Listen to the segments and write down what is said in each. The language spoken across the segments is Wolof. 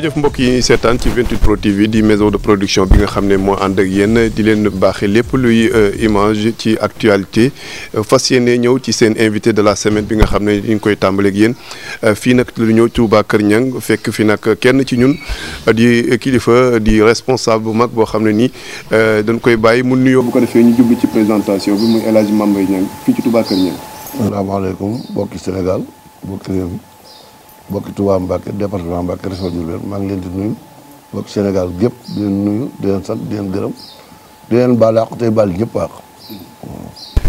jërëjëf mbokk yi ñuy ci 28 Pro TV di maison de production bi nga xam ne moo ànd ak yéen di leen baaxee lépp luy euh, image ci actualité euh, fas yéene ñëw ci seen invité de la semaine bi nga xam ne ñu ngi koy tàmbaleeg yéen euh, fii nag lu ñëw Touba Kër Niang fekk fi nag kenn ci ñun di kilifa di responsable bu mag boo xam ne nii dañ koy bàyyi mun nuyoo bu ko defee ñu jublu ci présentation bi mu El Hadj Mame Mbaye Niang fii ci Touba Kër Niang. Sénégal mbokki mbokki Touba Mbacké département Mbacké région Diourbel maa ngi leen di nuyu mbokki Sénégal gépp di leen nuyu di leen sant di leen gërëm tey baal ñëpp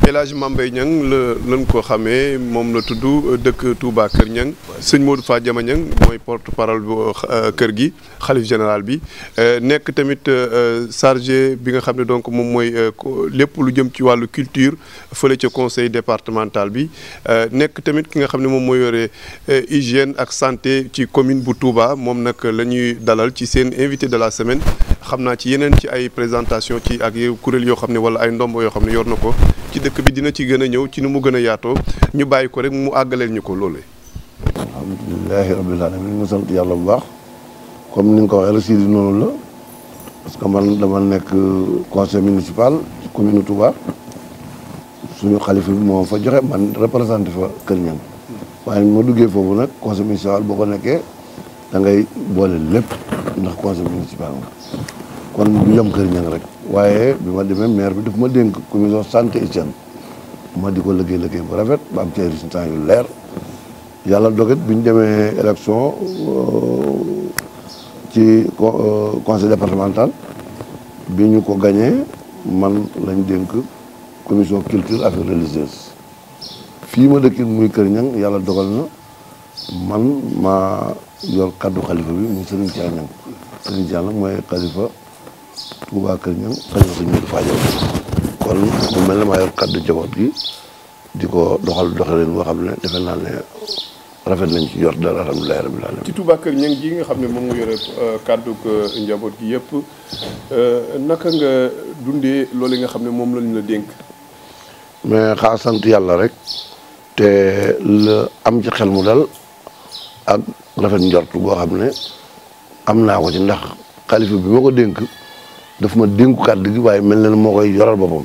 El Hadj Mambay Niang la lañ ko xamee moom la tudd dëkk Touba Kër Niang sëñ Modou Fa Jama Niang mooy porte parole bu euh, kër gi xalif général bi euh, nekk tamit euh, chargé bi nga xam ne donc moom mooy lépp lu jëm ci wàllu culture fële ca conseil départemental bi nekk tamit ki nga xam ne moom mooy yore hygiène ak santé ci commune bu Touba moom nag la ñuy dalal ci seen invité de la semaine xam naa ci yeneen ci ay présentation ci ak kuréel yoo xam ne wala ay ndombo yoo xam ne yor na ko dëkk dina ci gën a ñëw ci nu mu gën a yaatoo ñu bàyyi ko rek mu àggaleel ñu ko loolu alhamdulilahi rabbil alamin ma sant yàlla bu baax comme ni nga ko waxee la Sidi noonu la parce que man dama nekk euh, conseil municipal ci commune Touba suñu xalifa bi moo fa joxe man représenté fa Kër Niang waaye ma duggee foofu nag conseil municipal boo ko nekkee dangay boole lépp ndax conseil municipal kon bu yem Kër Niang rek waaye bi ma demee maire bi daf ma dénk commission santé hygiène ma di ko liggéey liggéey bu rafet ba am ci résultat yu leer yàlla doget bi ñu demee élection euh, ci euh, conseil départemental bi ñu ko gañee man lañ dénk commission culture affaires religieuses fii ma dëkkin muy Kër Ñang yàlla dogal na man maa yor kaddu xalifa bi muy Serigne Thial Ñang Serigne Thial nag mooy xalifa Touba Kër Niang xëy na ko ñu kon mu mel ne maa yor kaddu njaboot gi di ko doxal doxalin boo xam ne defe naa ne rafet nañ ci yor dara alhamdulilah rabbil alamin ci Touba Kër ji nga xam ne moom nga yore euh, kaddu njaboot gi yëpp euh, naka nga dundee loolu nga xam ne moom lañu la dénk. mais xaa sant yàlla rek te la am ci xel mu dal ak rafet njort boo xam ne am naa ko ci ndax xalifa bi ma ko dénk. daf ma dénku kàddu gi waaye mel na ne moo koy yoral boppam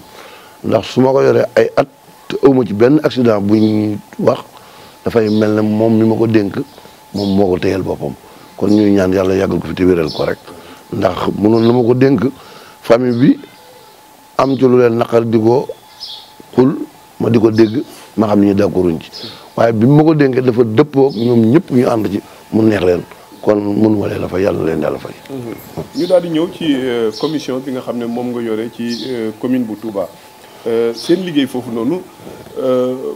ndax su ma ko yoree ay at te aw ma ci benn accident bu ñu wax dafay mel ne moom mi ma ko dénk moom moo ko téyal boppam kon ñuy ñaan yàlla yàggal ko ko rek ndax mënoon na ma ko dénk famille bi am ci lu leen naqar di ko xul ma di ko dégg ma xam ne ñu dàkkuruñ ci waaye bi ma ko dénkee dafa dëppook ñoom ñëpp ñu ànd ci mu neex leen kon mënuma leen a fay yàlla leen yàlla fay. ñu daal di ñëw ci euh, commission bi nga xam ne moom nga yore ci euh, commune bu Touba euh, seen liggéey foofu noonu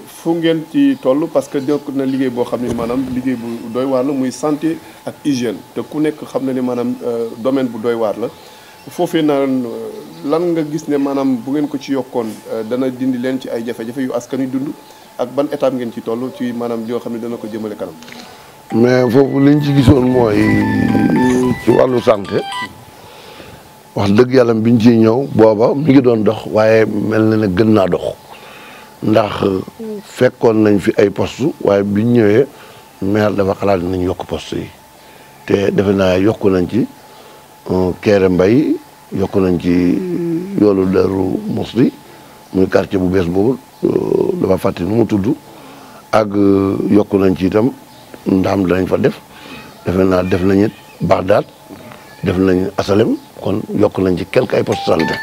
fu ngeen ci toll parce que nekk na liggéey boo xam ne maanaam liggéey bu doy waar la muy santé ak hygiène te ku nekk xam na ni maanaam domaine bu doy waar la foofee naan lan nga gis ne maanaam bu ngeen ko ci yokkoon dana dindi leen ci ay jafe-jafe yu askan wi dund ak ban étape ngeen ci toll ci maanaam yoo xam ne dana ko jëmale kanam. mais foofu liñ ci gisoon mooy ci wàllu santé wax dëgg yàlla biñ ciy ñëw booba mi ngi doon dox waaye mel na ne gën naa dox ndax fekkoon nañ fi ay poste waaye biñ ñëwee maire dafa xalaat nañ yokk poste yi te defe naa yokk nañ ci euh, Kéré Mbay yokk nañ ci yoolu most Musti muy quartier bu bees boobu euh, dafa fàtte nu mu tudd ak euh, yokku nañ ci itam ndaam lañ fa def defe naa def nañu it Bagdad def nañu Asalem kon yokk nañ ci quelque ay post santé.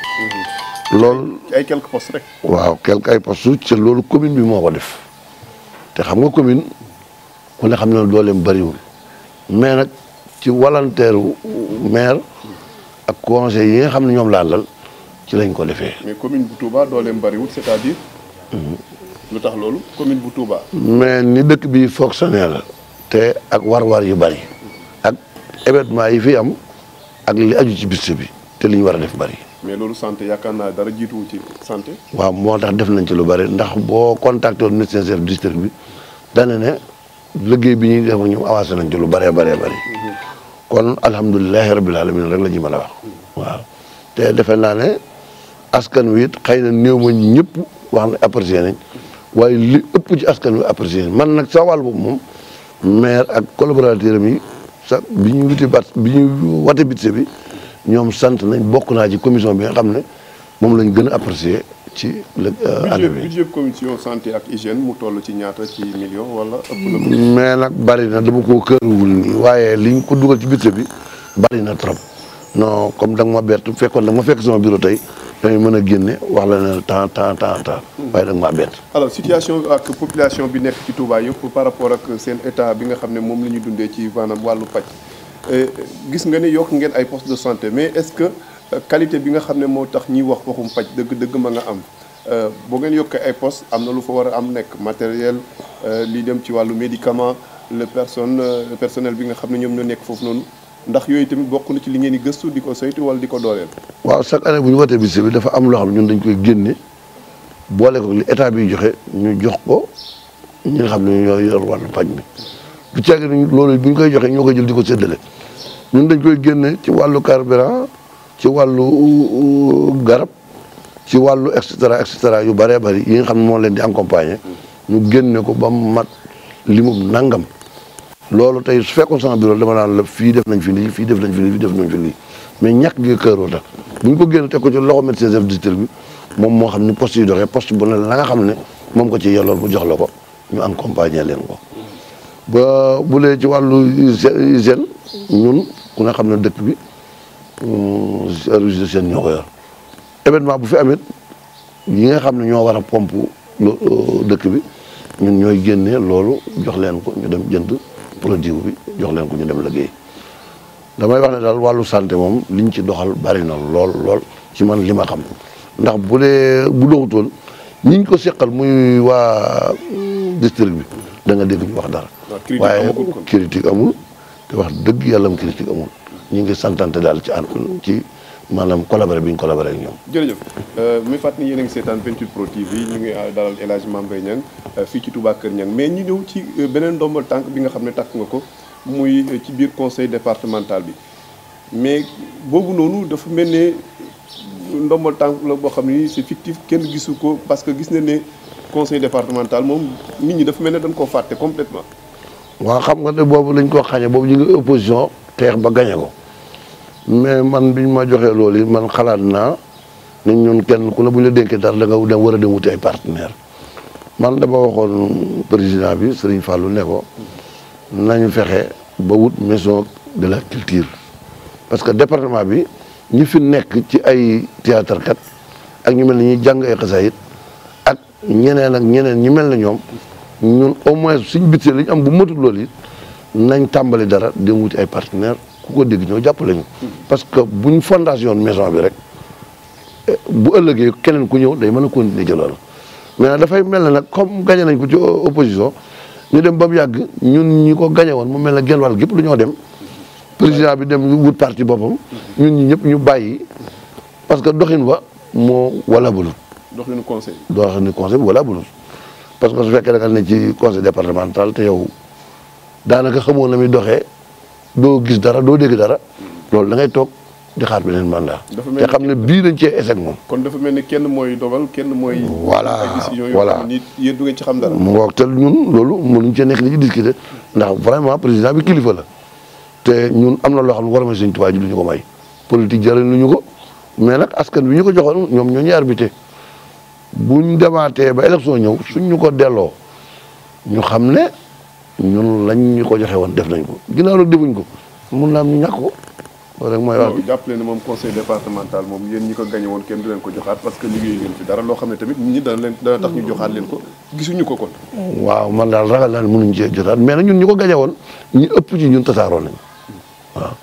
loolu ay quelques post rek. waaw quelque ay postes ci loolu commune bi moo ko def te xam nga commune ku ne xam na dooleem bëriwul mais nag ci volontaire maire ak conseil yi nga xam ne ñoom laa lal ci lañ ko defee. mais commune bu Touba dooleem bëriwul bariwul à dire mhm. lu tax loolu commune bu Touba. mais ni dëkk bi fonctionné la te ak war-war yu bari ak événement yi fi am ak li aju ci bis bi te li war a def bari. mais loolu santé yaakaar naa dara jiituwu ci santé. waaw moo tax def nañ ci lu bari ndax boo contacté woon médecin chef district bi dana ne liggéey bi ñuy def ak ñoom avancé nañ ci lu baree baree bari. kon alhamdulilahi la alamin rek la ñu mën a wax. waaw te defe naa ne askan wi it xëy na néew ma ñëpp wax na apprécié nañ waaye li ëpp ci askan wi apprécié nañ man nag sa wàll moom. maire ak collaborateur am yi sax bi ñu wuti bat bi ñu wate bitse bi ñoom sant nañ bokk naa ci commission bi nga xam ne moom lañ gën a apprécier ci la euh, année bi budget commission santé ak hygiène mu toll ci ñaata ci million wala ëpp na mais nag bari na dama koo këruwul nii waaye li liñ ko dugal ci bitse bi bari na trop non comme da nga ma bett fekkoon da nga ma fekk sama bureau tey dañuy mën a génne wax la ne temps temps temps temps hmm. waaye da nga maa bett. alors situation ak population bi nekk ci Touba yëpp par rapport ak seen état bi nga xam ne moom la ñu dundee ci maanaam wàllu paj euh, gis nga ne yokk ngeen ay poste de santé mais est-ce que euh, qualité bi nga xam ne moo tax ñiy wax waxum paj dëgg dëgg ma nga am euh, boo ngeen yokkee ay poste am na lu fa war a am nekk matériel li dem ci wàllu médicament le personne personnel bi nga xam ne ñoom ñoo nekk foofu noonu ndax yooyu tamit bokk ci li ngeen di gëstu di ko saytu wala di ko dooleel. waaw chaque année bu ñu wootee budget bi dafa am loo xam ne ñun dañ koy génne boole ko li état bi joxe ñu jox ko ñi nga xam ne ñoo yor wàllu paj mi du ceeb loolu bu ñu koy joxe ñoo koy jël di ko seddale ñun dañ koy génne ci wàllu carburant ci wàllu uh, garab ci wàllu et cetera yu bëree bari yi nga xam ne moo leen di accompagner ñu génne ko ba mu mat limum nangam. loolu tey su fekkoon sama bureau dama naan la fii def nañ fi lii fii def nañ fi lii fii def nañ fi lii mais ñàkk gi këeroo tax bu ñu ko génn ko ci loxo médecin chef district bi moom moo xam ni poste yi doxee poste bu xam ne moom ko ci yellool bu jox la ko ñu accompagner leen ko ba bu lee ci wàllu hygiène ñun ku nga xam ne dëkk bi service d'hygiène ñoo ko yor événement bu fi amit yi nga xam ne ñoo war a pompe euh, dëkk bi ñun ñooy génnee loolu jox leen ko ñu dem jënd produit bi jox leen ko ñu dem liggéey damay wax ne daal wàllu santé moom liñ ci doxal bari na lool lool ci man li ma xam ndax bu dee bu doxutoon ñiñ ko seqal muy waa district bi da nga dégg ñu wax dara. waaye critique amul te wax dëgg yàlla am critique amul ñu ngi santante daal ci ànd ci. maanaam collaboré bi ñu collaboré ak ñoom. jërëjëf euh, mi fàttali yéen a ngi seetaan 28 Pro TV ñu ngi euh, dalal El Hadj Mame Mbaye euh, fii ci Touba Kër Niang mais ñu ñëw ci beneen ndombal tànk bi nga xam ne takk nga ko muy ci biir conseil départemental bi mais boobu noonu dafa mel ne ndombal tànk la boo xam ne ci fictif kenn gisu ko parce que gis na ne conseil départemental moom nit ñi dafa mel ne dañ koo fàtte complètement waaw xam nga ne boobu lañ koo xañe boobu ñu ngi opposition xeex ba gañe ko. mais man bi ñu ma joxee loolu man xalaat naa ne ñun kenn ku ne bu ñu la dénkee dara da nga dem war a dem wuti ay partenaire man dama waxoon président bi Serigne Fallou ne ko nañu fexe ba wut maison de la culture parce que département bi ñu fi nekk ci ay théâtre kat ak ñu mel ne ñuy jàng ay xasaayit ak ñeneen ak ñeneen ñi mel na ñoom ñun au moins suñ bitee li ñu am bu matul loolu it nañ tàmbali dara dem wuti ay partenaire ku ko dégg ñoo jàppale ñu parce que bu buñ fondation maison bi rek bu ëllëgee keneen ku ñëw day mën a continuer jëloon mais dafay mel na nag comme gañe nañ ko ci opposition ñu dem ba mu yàgg ñun ñi ko gañe woon mu mel ne gelwal gépp lu ñoo dem président bi dem wut parti boppam ñun ñi ñëpp ñu bàyyi parce que doxin wa moo wala bulut doxinu conseil doxinu conseil wala bulut parce que su fekkee da nga ne ci conseil départemental te yow daanaka xamoo na muy doo gis dara doo dégg dara loolu da ngay toog di xaar beneen mandat. te xam ne bii dañ cee échec moom. kon dafa mel ni kenn mooy dogal kenn mooy. voilà voilà nit yéen du ngeen ci xam dara. mu ngoog te ñun loolu mënuñ cee nekk di ci discuter ndax vraiment président bi kilifa la te ñun am na loo xam ne war na Sëñ Tuubaa ji lu ñu ko may. politique jëriñ lu ñu ko mais nag askan bi ñu ko joxoon ñoom ñoo ñu arbitré buñ demaatee ba élection ñëw suñ ñu ko delloo ñu xam ne. ñun lañ ñu ko joxe woon def nañ ko ginnaaw nag defuñ ko mun naa am ñu ñàkk ko loolu rek mooy wax jàppale ne moom conseil départemental moom yéen ñi ko gañe woon kenn du leen ko joxaat parce que liggéey leen fi dara loo xam ne tamit nit ñi dana leen dana tax ñu joxaat leen ko gisuñu ko kon waaw man daal ragal naa ne mënuñ cee jotaat mais ñun ñu ko gañe woon ñu ëpp ci ñun tasaaroo nañ waaw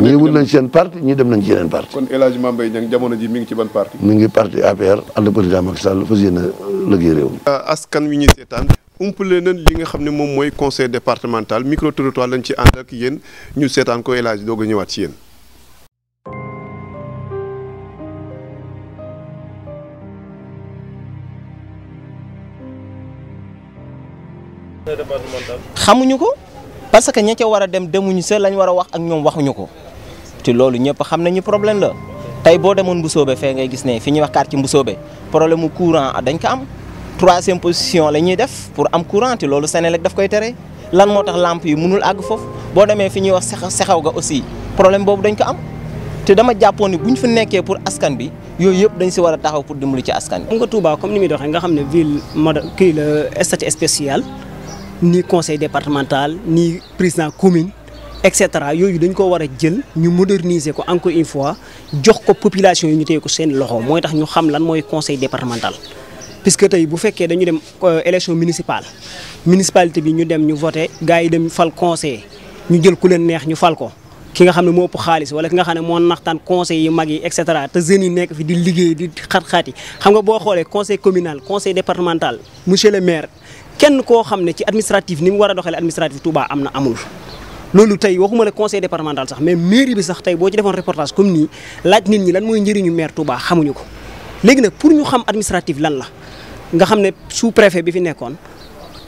ñii wut nañ seen parti ñii dem nañ ci yeneen parti kon El Hadj Mame mi ngi ci ban parti mi ngi parti APR ànd président Macky Sall fas yéene liggéey réew mi askan wi ñu seetaan umpale nañ li nga xam ne moom mooy conseil départemental micro territoire lañ ci ànd ak yéen ñu seetaan ko El Hadj doog a ñëwaat ci yéen. xamuñu ko parce que ña ca war a dem demuñu see lañ war a wax ak ñoom waxuñu ko te loolu ñëpp xam nañu problème la tey boo demoon Mbusoobe fee ngay gis ne fi ñuy wax ci Mbusoobe problème mu courant dañ ko am. troisième position la ñuy def pour am courant te loolu Senelec daf koy tere lan moo tax làmp yi mënul àgg foofu boo demee fi ñuy wax sexa sexaw ga aussi problème boobu dañ ko am te dama jàppoon ni bu ñu fi nekkee pour askan bi yooyu yëpp dañ si war a taxaw pour dimbali ci askan bi. xam nga Touba comme ni muy doxee nga xam ne ville mode kii la statut spécial ni conseil départemental ni président commune. et cetera yooyu dañ ko war a jël ñu moderniser ko encore une fois jox ko population yi ñu téye ko seen loxo mooy tax ñu xam lan mooy conseil départemental. que tey bu fekkee dañu dem euh, élection municipale municipalité bi ñu dem ñu voté gars yi dem fal conseil ñu jël ku leen neex ñu fal ko ki nga xam ne moo ëpp xaalis wala ki nga xam ne moo naxtaan conseil yi mag yi et cetera te jeunes yi nekk fi di liggéey di xat-xaat xam nga boo xoolee conseil communal conseil départemental monsieur le maire kenn koo xam ne ci administratif ni mu war a doxalee administratif Touba am na amul. loolu tey waxuma la conseil départemental sax mais mairie bi sax tey boo ci defoon reportage comme nii laaj nit ñi lan mooy njëriñu maire Touba xamuñu ko. léegi nag pour ñu xam administratif lan la nga xam ne sous préfet bi fi nekkoon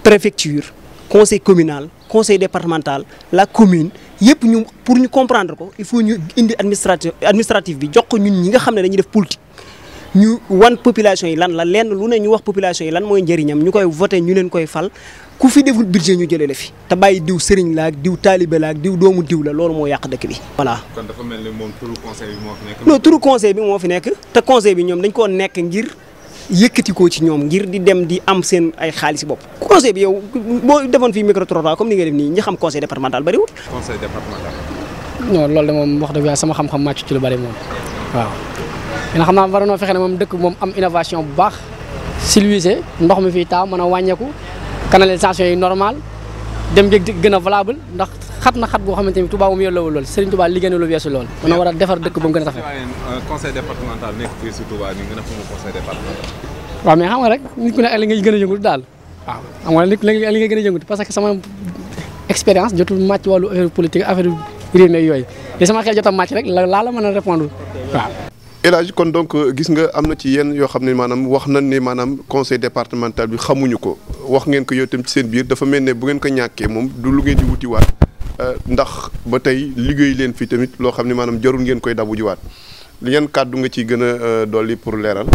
préfecture conseil communal conseil départemental la commune yëpp ñu pour ñu comprendre ko il faut ñu indi administratif administratif bi jox ko ñun ñi nga xam ne dañuy def politique. ñu wan population yi lan la lenn lu ne ñu wax population yi lan mooy njëriñam ñu koy voté ñu leen koy fal ku fi deful budget ñu jëlee la fi te bàyyi diw sëriñ la ak diw taalibe la ak diw doomu diw la loolu moo yàq dëkk bi voilà. kon dafa mel conseil bi moo fi nekk. non turu conseil bi moo fi nekk te conseil bi ñoom dañ ko ci ñoom ngir di dem di am seen ay xaalis bopp. conseil bi yow boo defoon fii micro trottoir comme ni nga def nii ñi xam conseil départemental bariwul. conseil départemental. non loolu de moom wax dëgg yàlla sama xam-xam màcc ci lu bari moom waaw. dina xam naa war noo fexe ne moom dëkk moom am innovation bu baax. silvissé ndox mi fii taa mën wàññeeku canalisation yi normal dem yëg gën a valable ndax xat na xat boo xamante ni Touba moom yellowul lool Serigne Touba liggéey na lu weesu lool. mën na war a defar dëkk ba mu gën a rafet. Euh, conseil départemental nekk fii si Touba ñu gën a fumu conseil départemental. waaw mais xam nga rek nit ku ne ak li ngay gën a yëngatu daal waaw ah. xam nga nit li ngay gën a yëngatu parce que sama expérience jotul màcc wàllu affaire politique affaire réew mi yooyu li sama xel jotam màcc rek la laa la mën a répondre waaw. Elage kon donc euh, gis nga am na ci yenn yoo xam ne maanaam wax nañ ni maanaam conseil départemental bi xamuñu ko wax ngeen ko yow itam seen biir dafa mel ne bu ngeen ko ñàkkee moom du lu ngeen di wutiwaat euh, ndax ba tey liggéey leen fii tamit loo xam ne maanaam jarul ngeen koy dabu jiwaat yan kàddu nga ciy gën a euh, dolli pour leeral.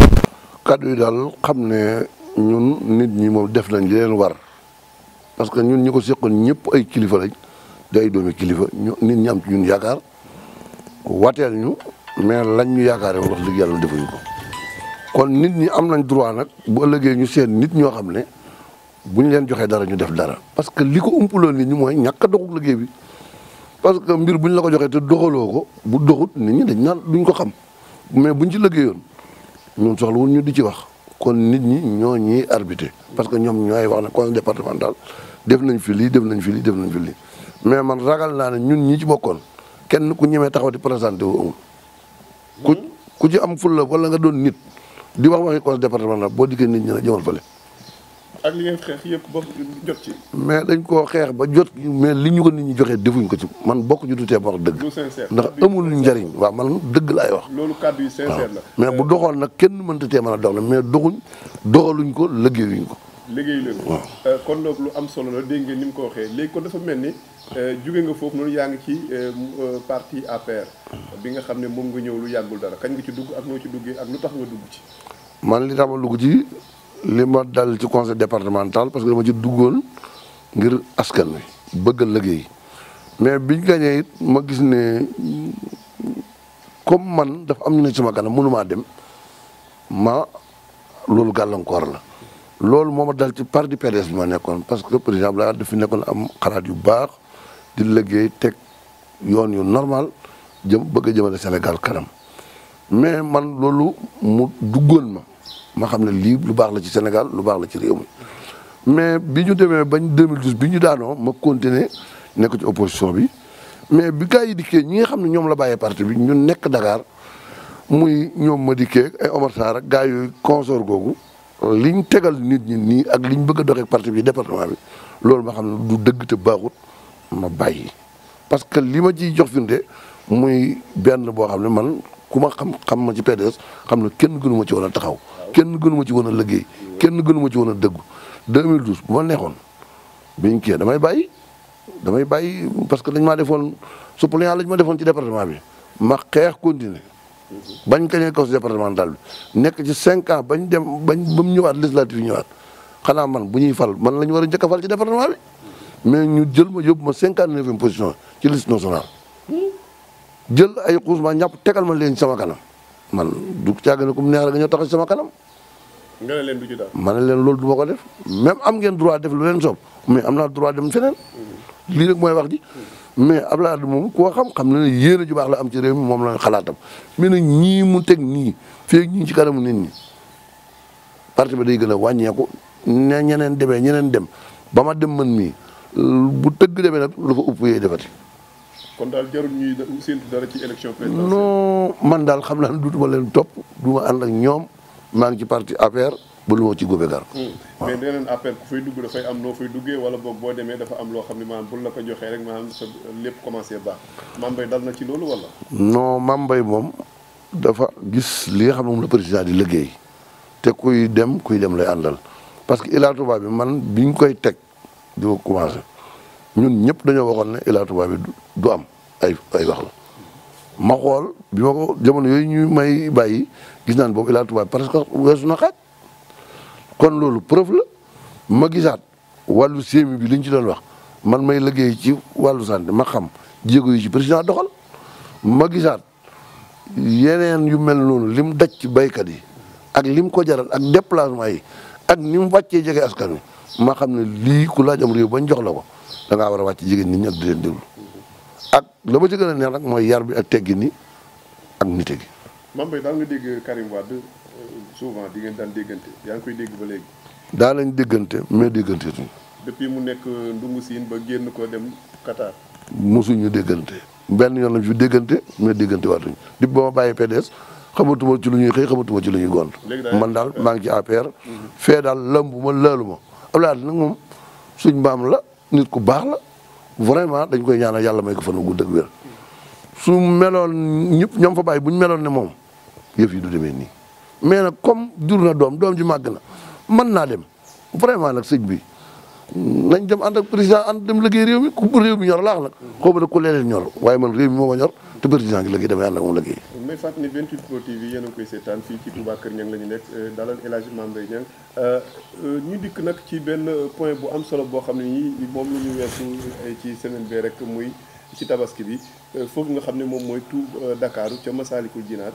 kàddu yi daal xam ne ñun nit ñi moom def nañ li leen war parce que ñun ñi ko seqoon ñëpp ay kilifa lañ day doomi kilifa ñu nit ñi ci ñun yaakaar wateel ñu. mais lañ ñu yaakaare woon wax dëgg yàlla defuñu ko kon nit ñi am nañ droit nag bu ëllëgee ñu seen nit ñoo xam ne bu ñu leen joxee dara ñu def dara. parce que li ko umpuloo nit ñi mooy ñàkk a liggéey bi parce que mbir bu ñu la ko joxee te doxaloo ko bu doxut nit ñi dañ naan duñ ko xam mais buñ ci liggéeyoon ñun soxlawul ñu di ci wax kon nit ñi ñoo ñuy arbitrer parce que ñoom ñooy wax ne conseil départemental def nañ fi lii def nañ fi lii def nañ fi lii mais man ragal naa ne ñun ñi ci bokkoon kenn ku ñemee taxaw di présenté wu ku ku ci am fulla wala nga doon nit di wax waxi conseil départemental boo dikkee nit ñi nag jëmal fële. ak xeex yëpp ba mais dañ koo xeex ba jot mais li ñu ko nit ñi joxee defuñ ko ci man bokk ñu dutee ba wax dëgg. ndax amul njariñ waaw man dëgg laay wax. loolu kàddu yi sincère la. mais bu doxoon nag kenn mënta tee mën a dox la mais doxuñ doxaluñ ko liggéeyuñ ko. liggéey leen waaw euh, kon loolu lu am solo la dégg ni mu ko waxee léegi kon dafa mel ni euh, jóge nga foofu noonu yaa ngi ci euh, parti affaire bi nga xam ne moom nga ñëw lu yàggul dara kañ nga ci dugg ak noo ci duggee ak lu tax nga dugg ci man li tax ma dugg ci li ma dal ci conseil départemental parce que dama ci duggoon ngir askan wi bëgg a liggéey mais biñ gañee ma gis ne comme man dafa am ñu ne sama kanam mënumaa dem ma loolu gàllankoor la loolu moom ma dal ci part du PDS bi ma nekkoon parce que président la dafa nekkoon am xalaat yu baax di léggéey teg yoon yu normal jëm bëgg a jëmale Sénégal kanam mais man loolu mu duggoon ma ma xam ne lii lu baax la ci Sénégal lu baax la ci réew mi mais bi ñu demee bañ 2012 bi ñu daanoo ma continuer nekk ci opposition bi mais bi gars yi dikkee ñi nga xam ne ñoom la bàyyee parti bi ñu nekk Dakar muy ñoom ma dikkee ay Omar Sarr ak gars yooyu consort googu liñ tegal nit ñi nii ak liñ bëgg a doxee parti bi département bi loolu ma xam ne du dëgg te baaxut ma bàyyi parce que li ma ciy jox firnde muy benn boo xam ne man ku ma xam xam ma ci PDS xam ne kenn gënu ma ci woon a taxaw kenn gënu ma ci woon a liggéey kenn gënu ci woon a dëggu 2012 bu ma neexoon biñ kii damay bàyyi damay bàyyi parce que dañ maa defoon suppléant lañ ma defoon ci département bi ma xeex continuer bañ gañee conseil départemental bi nekk ci cinq ans bañ dem bañ ba mu ñëwaat législative yi ñëwaat xanaa man bu ñuy fal man la ñu war a njëkk a fal ci département bi mais ñu jël ma yóbbu ma cinquante neuvième position ci liste nationale jël ay xuusement ñàpp tegal ma leen sama kanam man du caaga ne ku mu neex rek nga ñëw sama kanam. nga ne leen du ci ma ne leen loolu du ma ko def même am ngeen droit def lu leen soob mais am naa droit dem feneen. lii rek mooy wax ji. mais Abdoulaye Wade moom koo xam-xam na ne yéene ju baax la am ci réew mi moom la xalaatam mais na ñii mu teg nii fii ñii ci kanamu nit ñi parti ba day gën a wàññeeku ne ñeneen demee ñeneen dem ba ma dem man mii bu tëgg demee nag lu ko ëpp yee defati. kon daal jarul ñuy man daal xam naa ne dutuma leen topp du ma ànd ak ñoom maa ngi ci parti APR. ba lu ma ci góobee gar ko mm. mais nee nañ appel ku fay dugg dafay am noo fay duggee wala boog boo demee dafa am loo xam ne maanaam bu la ko joxee rek maanaam sa lépp commencé baax Mame Mbaye dal na ci loolu wala non Mame Mbaye moom dafa gis li xam ne moom la président di liggéey te kuy dem kuy dem lay àndal parce que Ila bi man biñ koy teg di ñëpp dañoo waxoon ne Ila Touba bi du am ay ay ma xool bi ko jamono yooyu ñu may bàyyi gis naan boobu Ila Touba parce que weesu na xaaj kon loolu preuve la ma gisaat wàllu sémi bi liñ ci doon wax man may liggéey ci wàllu santé ma xam jéego yi ci président doxal ma gisaat yeneen yu mel noonu lim daj ci baykat yi ak lim ko jaral ak déplacement yi ak ni mu wàccee jege askan wi ma xam ne lii ku laaj am réew bañ jox la ko da war a wàcc jigéen nit ñi ak di leen déglu ak la ma ci gën a neex nag mooy yar bi ak teggi ni ak nite gi. Mame Mbaye daal dégg Karim Wade souvent di ngeen daan déggante yaa ngi dégg ba léegi. daa nañ déggante mais déggante tuñ mu nekk Ndungu Siin ba génn ko dem Qatar. mosuñu déggante benn yoon lañ fi déggante mais déggante waatuñ di ba ma bàyyi PDS xamatuma ci lu ñuy xëy xamatuma ci lu ñuy gont man daal maa ngi ci APR. Mhm. fee daal lëmb ma lëlu ma Abdoulaye nag moom suñ mbaam la nit ku baax la vraiment dañ koy ñaanal yàlla may ko fan wu gudd ak su meloon ñëpp ñoom fa bàyyi buñ meloon ne moom yëf yi du demee nii. mais nag comme jur na doom doom ji màgg na mën naa dem vraiment nag sëñ bi nañ dem ànd ak président ànd dem liggéey réew mi ku réew mi ñor laax nag xaw ma ku leneen ñor waaye man réew mi moo ma ñor te président gi liggéey damay ànd ak moom liggéey. may fàttali ne yéen a fii ci Touba Kër Niang la ñu nekk euh, dalal El Hadj Mame Mbaye Niang euh, euh, ñu dikk nag ci benn point bu am solo boo xam ne nii moom la ñu weesu ci semaine bi rek muy ci tabaski bi foofu nga xam ne moom mooy tout Dakar ca Masaalikul Jinaar.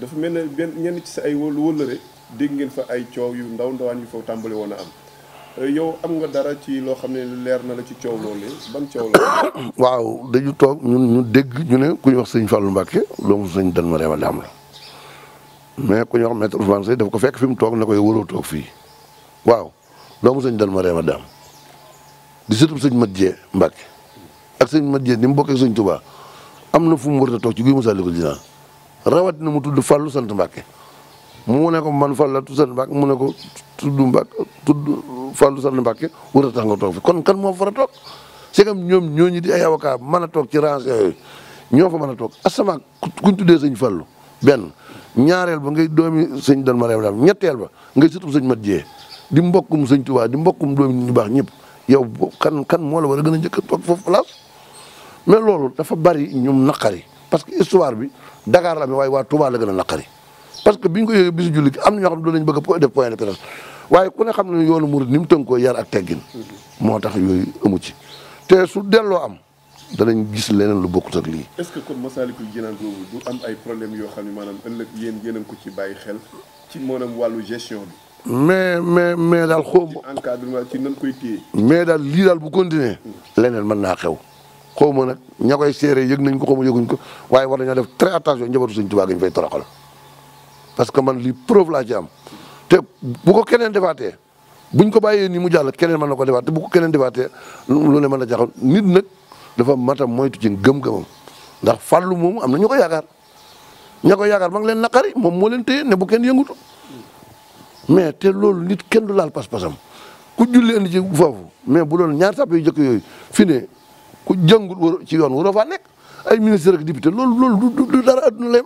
dafa mel ne benn ñenn ci sa ay wël wëllëre dégg ngeen fa ay coow yu ndaw ndawaan yu fa tàmbali woon a am euh, yow am nga dara ci loo xam ne leer na la ci coow loolu ban coow waaw dañu toog ñun ñu dégg ñu ne ku ñu wax sëñ Fallou Mbacke doomu sëñ Dan ma Réma Dame mais ku ñu wax maître Ousmane ko fekk fi mu toog na koy waroo toog fii waaw doomu sëñ Dan ma Réma Dame di surtout sëñ Mat Jee Mbacke ak sëñ Mat Jee ni mu bokkee sëñ Touba am na fu mu war a toog ci guy Moussa Légal dinaa. rawatina mu tudd Fallou sant Mbacke mu ne ko man Fallou sant Mbacke mu ne ko tudd Mbacke tudd Fallou sant Mbacke wut a tax nga toog fi kon kan moo fa war a toog c'est que ñoom ñooñu di ay avocat mën a toog ci range yooyu ñoo fa mën a toog asamaa kuñ tuddee sëñ Fallou benn ñaareel ba ngay doomi sëñ dan ma daal ñetteel ba ngay surtout sëñ mat jee di mbokkum sëñ Tuubaa di mbokkum doomi ñu baax ñëpp yow kan kan moo la war a gën a njëkk a toog foofu place mais loolu dafa bari ñum naqari parce que histoire bi Dakar la amee waaye waa Touba la gën a naqari parce que bi ñu ko yëgee bisu julli am na ñoo xam ne doon nañu bëgg a def point de presse waaye ku ne xam ne yoonu murid ni mu tënkoo yar ak teggin moo tax yooyu amu ci te su delloo am danañ gis leneen lu bokkut ak lii. est-ce que kon Masaalikul Jinaan googu du am ay problème yoo xam ne maanaam ëllëg yéen yéen a ci bàyyi xel ci maanaam wàllu gestion mais mais mais daal xaw ma. ci encadrement ci nan koy mais daal lii daal bu continuer leneen mën naa xew. xaw nag ña koy seere yëg nañ ko xaw ma yëguñ ko waaye war nañoo def très attention njabootu Sëñ Tuubaa gi ñu fay toroxal parce que man lii preuve laa ci am te bu ko keneen defaatee buñ ko bàyyee nii mu jàll keneen mën na ko defaat te bu ko keneen defaatee lu ne mën a jaxal nit nag dafa matam moytu ci gëm-gëmam ndax fàllu moomu am na ñu ko yaakaar ña ko yaakaar ma ngi leen naqari moom moo leen téye ne bu kenn yëngutu mais te loolu nit kenn du laal pas-pasam ku julli ci foofu mais bu doon ñaar sàpp jëkk yooyu fi ne ku jàngul war ci yoon waroo faa nekk ay ministre ak député loolu loolu du dara adduna lay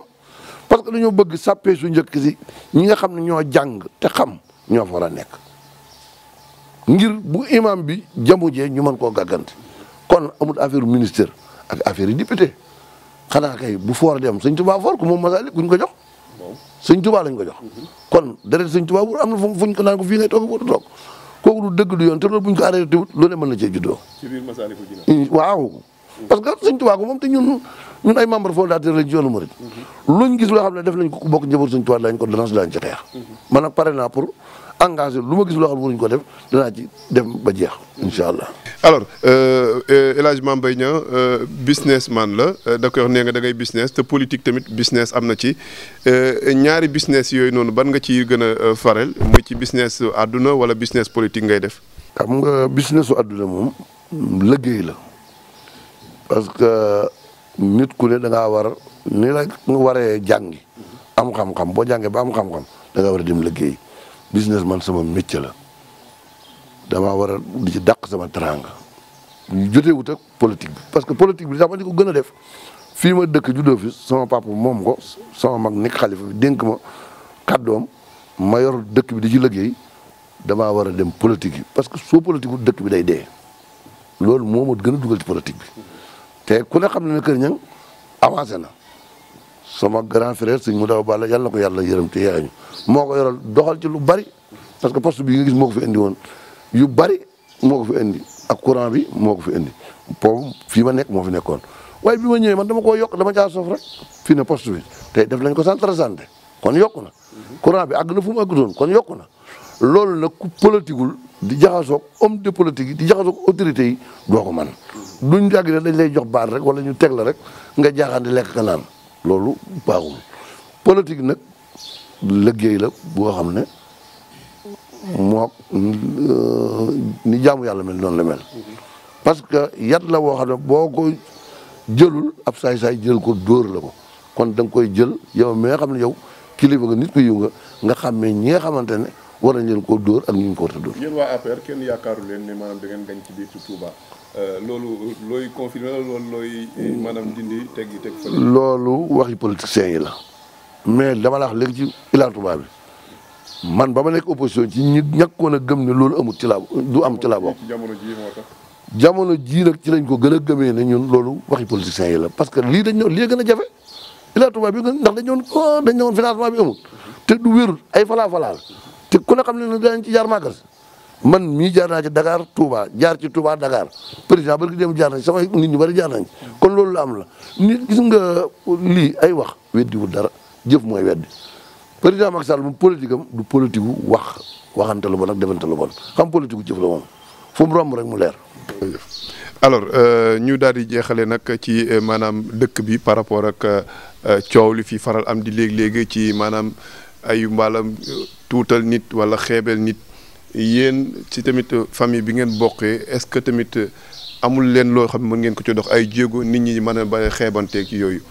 parce que dañoo bëgg sappe su njëkk si ñi nga xam ne ñoo jàng te xam ñoo fa war a nekk ngir bu imam bi jamujee ñu mën koo gàggante kon amul affaire ministère ak affaire yi député xanaa kay bu foor dem sëñ tubaa foor ko moom masalik kuñ ko jox sëñ tubaa lañ ko jox mhm. kon deret sëñ tubaa wur am na fu fuñ ko naan ko fii ngay kooku du dëgg du yoon te loolu bu ñu ko arrêté wut loolu mën na cee juddoo. ci biir Massalikul Jinaan mm, waaw parce que sëñ Tuubaa ko moom te ñun ñun ay membre fondateur lañ ci yoonu murid mm-hmm. luñ gis loo xam ne def nañ ko ku bokk njaboot sëñ Tuubaa daañu ko danaa si daañu ci xeex. Mm-hmm. man pare naa pour engagé lu ma gis loo xam ne waruñu ko def danaa ci dem ba jeex. incha allah. alors euh, euh, El Hadj Mame Mbaye Niang euh, businessman la da koy wax nee nga dangay business te politique tamit business am na ci ñaari business yooyu noonu ban nga ci gën a faral muy ci business àdduna wala business politique ngay def. xam nga business su àdduna la nit ku ne da ngaa war ni la nga waree jàngi am xam-xam boo jàngee ba am xam-xam da war a dem liggéey business man sama métier la. damaa war a di ci dàq sama teraanga ñu jotee wut ak politique bi parce que politique bi sax ma di ko gën a def fii ma dëkk juddoo fi sama papa moom ko sama mag nekk xalifa bi dénk ma kàddoom ma yor dëkk bi di ci liggéey damaa war a dem politique yi parce que soo politique wul dëkk bi day dee loolu moo ma gën a dugal ci politique bi te ku ne xam ne ne Kër Niang avancé na sama grand frère sëñ mu daw Balla yàlla na ko yàlla yërëm yeex yaayuñu moo ko yoral doxal ci lu bari parce que poste bi yu bari moo ko fi indi ak courant bi moo ko fi indi po fii ma nekk moo fi nekkoon waaye bi wa ñëwee man dama ko yokk dama caa rek fi ne post bi te def lañ ko centre santé kon yokk na courant bi àgg na fu mu àggutoon kon yokk na loolu nag ku politiqueul di jaxasoog homme de politique yi di jaxasoog autorités yi doo ko mën duñ jàgg ne dañ lay jox baat rek wala ñu teg la rek nga jaaxaan di lekk ka naan loolu baaxul politique nag liggéey la boo xam ne moo euh, ni jaamu yàlla mel noonu la mel parce que yat la woo xam ne boo ko jëlul ab saay-saay jël ko dóor la ko kon da koy jël yow mi nga xam ne yow kilifa nga nit ko yiw nga nga xàmmee ñi nga xamante ne war nañ leen koo dóor ak ñu ñu ko war a dóor. waa APR kenn yaakaaru leen ne maanaam da ngeen gañ ci biir Touba euh, loolu looy confirmé loolu looy eh, maanaam dindi teg yi teg waxi politiciens yi la mais dama la wax ci ilaa Touba bi. man ba ma nekk opposition ci ñi ñàkkoon a gëm ne loolu amul ci laa du am ci laa bokk jamono jii nag ci lañ ko gën a gëmee ne ñun loolu waxi politiciens yi la parce que lii dañ ñoo lii gën a jafe ilaa Touba bi ndax dañ ñoon oh, dañ ñoon financement bi amul te du wérul ay falaa falaa te ku ne xam ne ne daañ ci jaar màggal man mii jaar naa ci Dakar Touba jaar ci Touba Dakar président bari dem jaar nañ samay nit ñu bari jaar nañ kon loolu la am la nit gis nga lii ay wax weddiwul dara jëf mooy weddi président Macky Sall moom politique am du politique gu wax waxante lu bon ak defante lu bon xam politique gu jëf la moom fu mu rek mu leer. alors euh, ñu daal di jeexale nag ci euh, maanaam dëkk bi par rapport ak euh, coow li fi faral am di léegi léegi ci maanaam ay mbaalam tuutal nit wala xeebel nit yéen ci tamit famille bi ngeen bokkee est-ce que tamit amul leen loo xam ne mën ngeen ko ci dox ay jéego nit ñi mën a bàyyi xeebanteeg yooyu.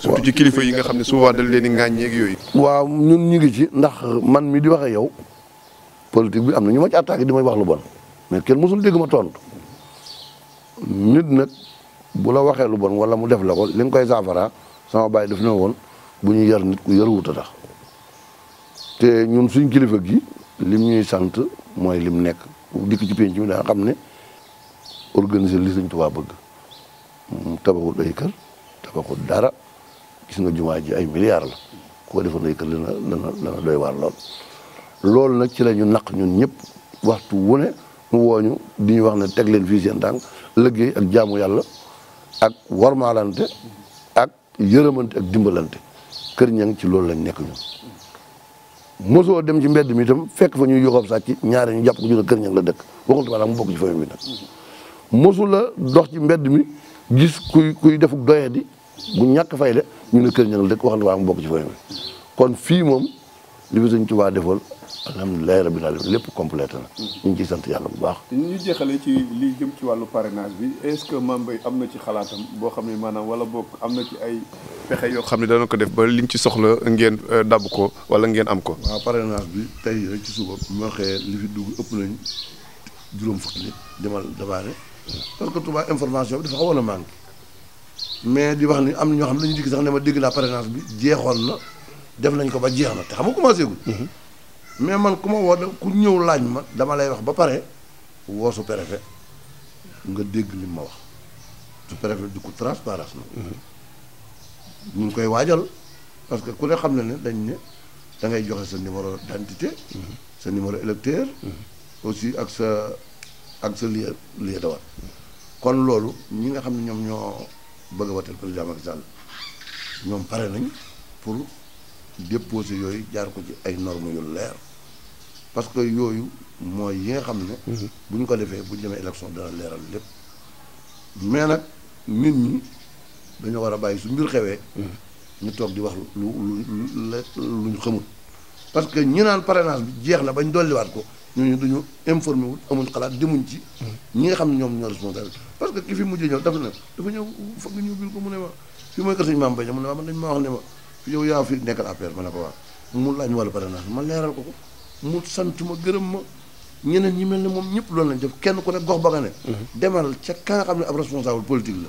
surtout ci kilifa yi nga xam ne souvent dañ leen di ŋàññee yooyu. waaw ñun ñu ngi ci ndax man mi di wax yow politique bi am na ñu ma ci attaqué di may wax lu bon mais kenn mosul dégg ma tontu nit nag bu la waxee lu bon wala mu def la ko li koy saafara sama baay def na woon bu ñu yar nit ku yaruwut a tax te ñun suñ kilifa gi lim ñuy sant mooy lim nekk dikk ci penc mi daa xam ne organiser li Sëñ Tuubaa bëgg tabaxul ay kër tabaxul dara. gis nga jumaa ji ay milliards la ku ko defoon ay kër dana dana doy waar lool. loolu nag ci lañu naq ñun ñëpp waxtu wu ne mu wooñu di ñu wax ne teg leen fii seen tànk liggéey ak jaamu yàlla ak warmaalante ak yërëmante ak dimbalante kër ñang ci loolu lañ nekk ñun. mosoo ci mbedd mi itam fekk fa ñuy yoxoob sàcc ñaari la dëkk waxutuma dox ci mbedd mi gis kuy kuy defuk doyadi bu ñàkk fayda ñu ne kër ñangal dëkk wax na waa mu bokk ci fooy kon fii moom li fi Sëñ waa defoon alhamdulilahi rabbil alamin lépp complète na ñu sant yàlla bu baax ñu jeexale ci li jëm ci wàllu parrainage bi est-ce que Mame Mbaye am na ci xalaatam boo xam ne maanaam wala bokk am na ci ay pexe yoo xam ne dana ko def ba liñ ci soxla ngeen euh, dab ko wala ngeen am ko waaw parrainage bi tey rek ci suba ma waxee li fi dugg ëpp nañ juróom fukki nit demal dabaare parce que a manqué mais di wax ni am na ñoo xam ne dañu dikk sax ne ma dégg naa parrainage bi jeexoon na def nañ ko ba jeex na te xam nga commencé gu mhm. mais man ku ma woo ku ñëw laaj ma dama lay wax ba pare woo su préfet nga dégg li ma wax su préfet du ko transparence na mhm. ñu ngi koy waajal parce que ku ne xam ne ne dañ ne da ngay joxe sa numéro d'identité mhm. sa numéro électeur aussi ak sa ak sa lieu lieu de war kon loolu ñi nga xam ne ñoom ñoo bëgg a watal président Macky Sall ñoom pare nañ pour déposer yooyu jaar ko ci ay norme yu leer parce que yooyu mooy yi nga xam ne. Mhm. bu ñu ko defee bu ñu demee élection dana leeral lépp mais nag nit ñi dañoo war a bàyyi su mbir xewee. Mhm. ñu toog di wax lu lu lu lu ñu xamul. parce que ñu naan parrainage bi jeex na bañ dolliwaat ko. ñooñu dañu informé wul amuñ xalaat demuñ ci mm-hmm. ñi nga xam ne ñoom ñoo responsable parce que ki fi mujjee ñëw dafa ne dafa ñëw fag ñëw bil ko mu ne ma fi mooy kër sëñ maam Baye mu ne ma man dañ ma wax ne ma yow yaa fi nekkal APR ma ne ko waa mu laaj ma wala parrainage ma leeral ko ko mu sant ma gërëm ma ñeneen ñi mel ne moom ñëpp loolu nañ def kenn ku ne gox ba nga ne mm-hmm. demal ca ka xam ne ab responsable politique la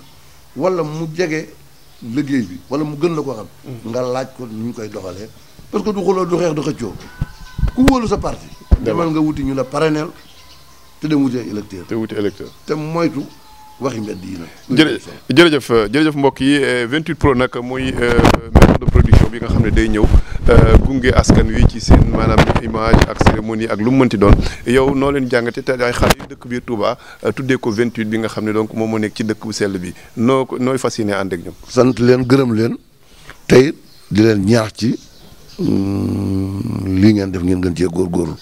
wala mu jege liggéey bi wala mu gën la ko xam mm-hmm. nga laaj ko ñu ngi koy doxalee parce que du xuloo du xeex du xëccoo ku sa parti demal nga wuti ñu la parrainel te dem wuti électeur te wuti électeur te moytu waxi mbedd yi nag. jërëjëf jërëjëf mbokk yi 28 euh, pro nag mooy euh, méthode de production bi nga xam ne day ñëw euh, gunge askan wi ci seen maanaam image ak cérémonie ak lu mu mënti doon yow noo leen jàngate te ay xale yu dëkk biir Touba tuddee ko 28 bi nga xam ne donc moom moo nekk ci dëkk bu sell bi noo ko nooy fas yéene ànd ak ñoom. sant leen gërëm leen tey di leen ñaax ci. lii ngeen def ngeen gën cee góorgóorlu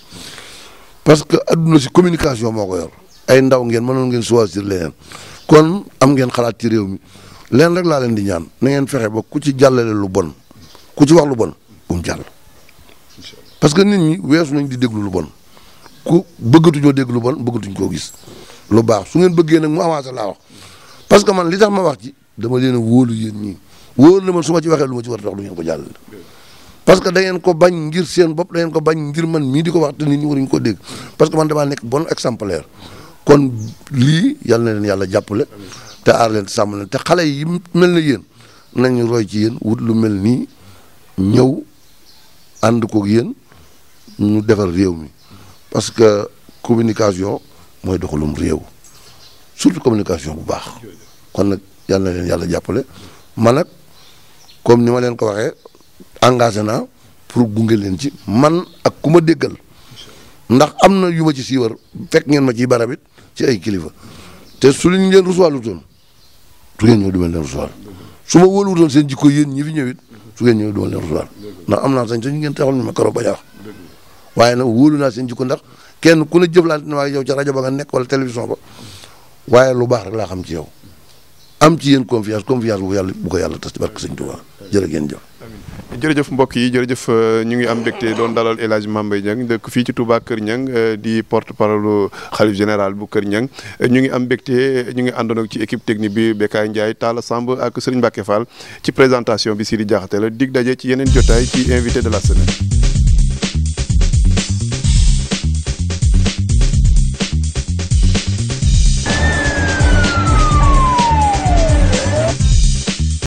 parce que adduna si communication moo ko yor ay ndaw ngeen ma noon ngeen choisir leen kon am ngeen xalaat ci réew mi leen rek laa leen di ñaan na ngeen fexe ba ku ci jàllale lu bon ku ci wax lu bon bu mu jàll. parce que nit ñi weesu nañ di déglu lu bon ku ñoo dégg lu bon bëggatuñ koo gis lu baax su ngeen bëggee nag mu avancé laa wax parce que man li tax ma wax ci dama leen a wóolu yéen ñii wóolu na man su ci waxee lu ma war a tax du ko jàllale. parce que da ngeen ko bañ ngir seen bopp da ngeen ko bañ ngir man mii di ko wax te nit ñi waruñu ko dégg parce que man damaa nekk bon exemplaire kon lii yal na leen yàlla jàppale te aar leen sàmm leen te xale yim mel na yéen nañ roy ci yéen wut lu mel nii ñëw ànd koog yéen ñu defar réew mi parce que communication mooy doxalum réew surtout communication bu baax kon nag yal na leen yàlla jàppale man nag comme ni ma leen ko waxee. engagé naa pour gunge leen ci man ak ku ma déggal ndax am na yu ma ci siiwar fekk ngeen ma ciy barab it ci ay kilifa te su leen leen rusuwalutoon su ngeen ñëw du ma leen rusuwal su ma wóoluwutoon seen jikko yéen ñi fi ñëw it su ngeen ñëw du ma leen rusuwal ndax am naa sañ sañ ngeen te ñu ma koro ba jaax waaye nag wóolu naa seen jikko ndax kenn ku ne jëflante na waaye yow ca rajo ba nga nekk wala télévision ba waaye lu baax rek laa xam ci yow am ci yéen confiance confiance bu yàlla bu ko yàlla tas ci barke sëñ Tuubaa jërë ngeen jëf jërëjëf mbokk yi jërëjëf euh, ñu ngi am mbégte doon dalal El Hadj Mame Mbaye fii ci Touba Kër Niang euh, di porte parole xalif général bu Kër ñang euh, ñu ngi am mbégte ñu ngi àndoon ci équipe technique bi Bekaay Ndiaye Talla Samb ak Serigne Mbacke Fall ci présentation bi Sidi Diakhaté la dig daje ci yeneen jotaay ci invité de la semaine.